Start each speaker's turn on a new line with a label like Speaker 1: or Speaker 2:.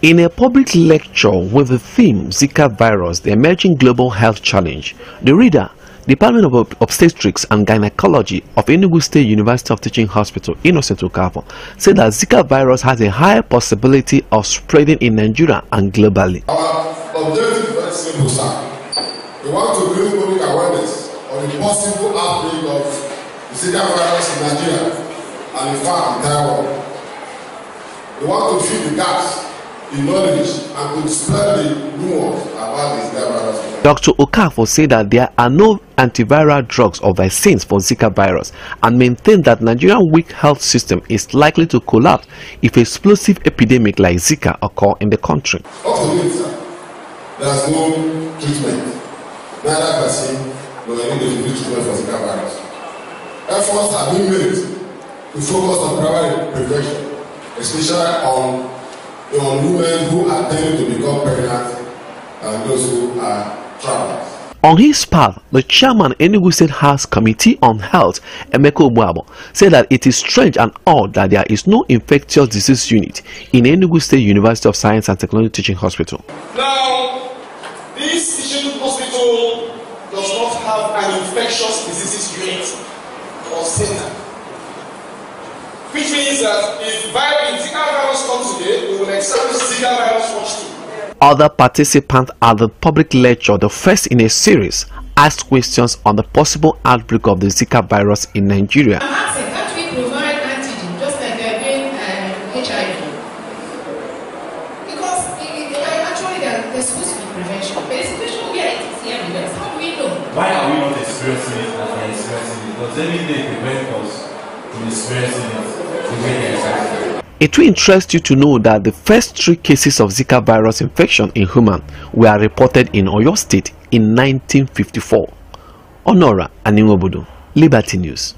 Speaker 1: In a public lecture with the theme Zika virus, the emerging global health challenge, the reader, Department of Obstetrics and Gynecology of Enugu State University of Teaching Hospital, Innocent Okafor, said that Zika virus has a higher possibility of spreading in Nigeria and globally.
Speaker 2: Our objective is simple, sir. We want to build public awareness on the possible outbreak of Zika virus in Nigeria and in fact in Taiwan. We want to fill the gaps the knowledge and to spread the about this virus. Dr.
Speaker 1: Okafor said that there are no antiviral drugs or vaccines for Zika virus and maintained that Nigeria's weak health system is likely to collapse if an explosive epidemic like Zika occur in the country.
Speaker 2: There's no treatment, neither vaccine nor any definitive treatment for Zika virus. Efforts are being made to focus on primary prevention, especially on on women who attempt to become pregnant and those who are trapped.
Speaker 1: On his part, the chairman Enugu State House Committee on Health, Emeko Mwabo, said that it is strange and odd that there is no infectious disease unit in Enugu State University of Science and Technology Teaching Hospital.
Speaker 2: Now, this teaching hospital does not have an infectious diseases unit or center, which means that if virus, the virus comes today,
Speaker 1: other participants at the public lecture, the first in a series, asked questions on the possible outbreak of the Zika virus in Nigeria. why
Speaker 2: are we not experiencing it as they're experiencing Does anything prevent us from experiencing
Speaker 1: it it will interest you to know that the first three cases of Zika virus infection in human were reported in Oyo State in 1954. Honora Aningobodo, Liberty News.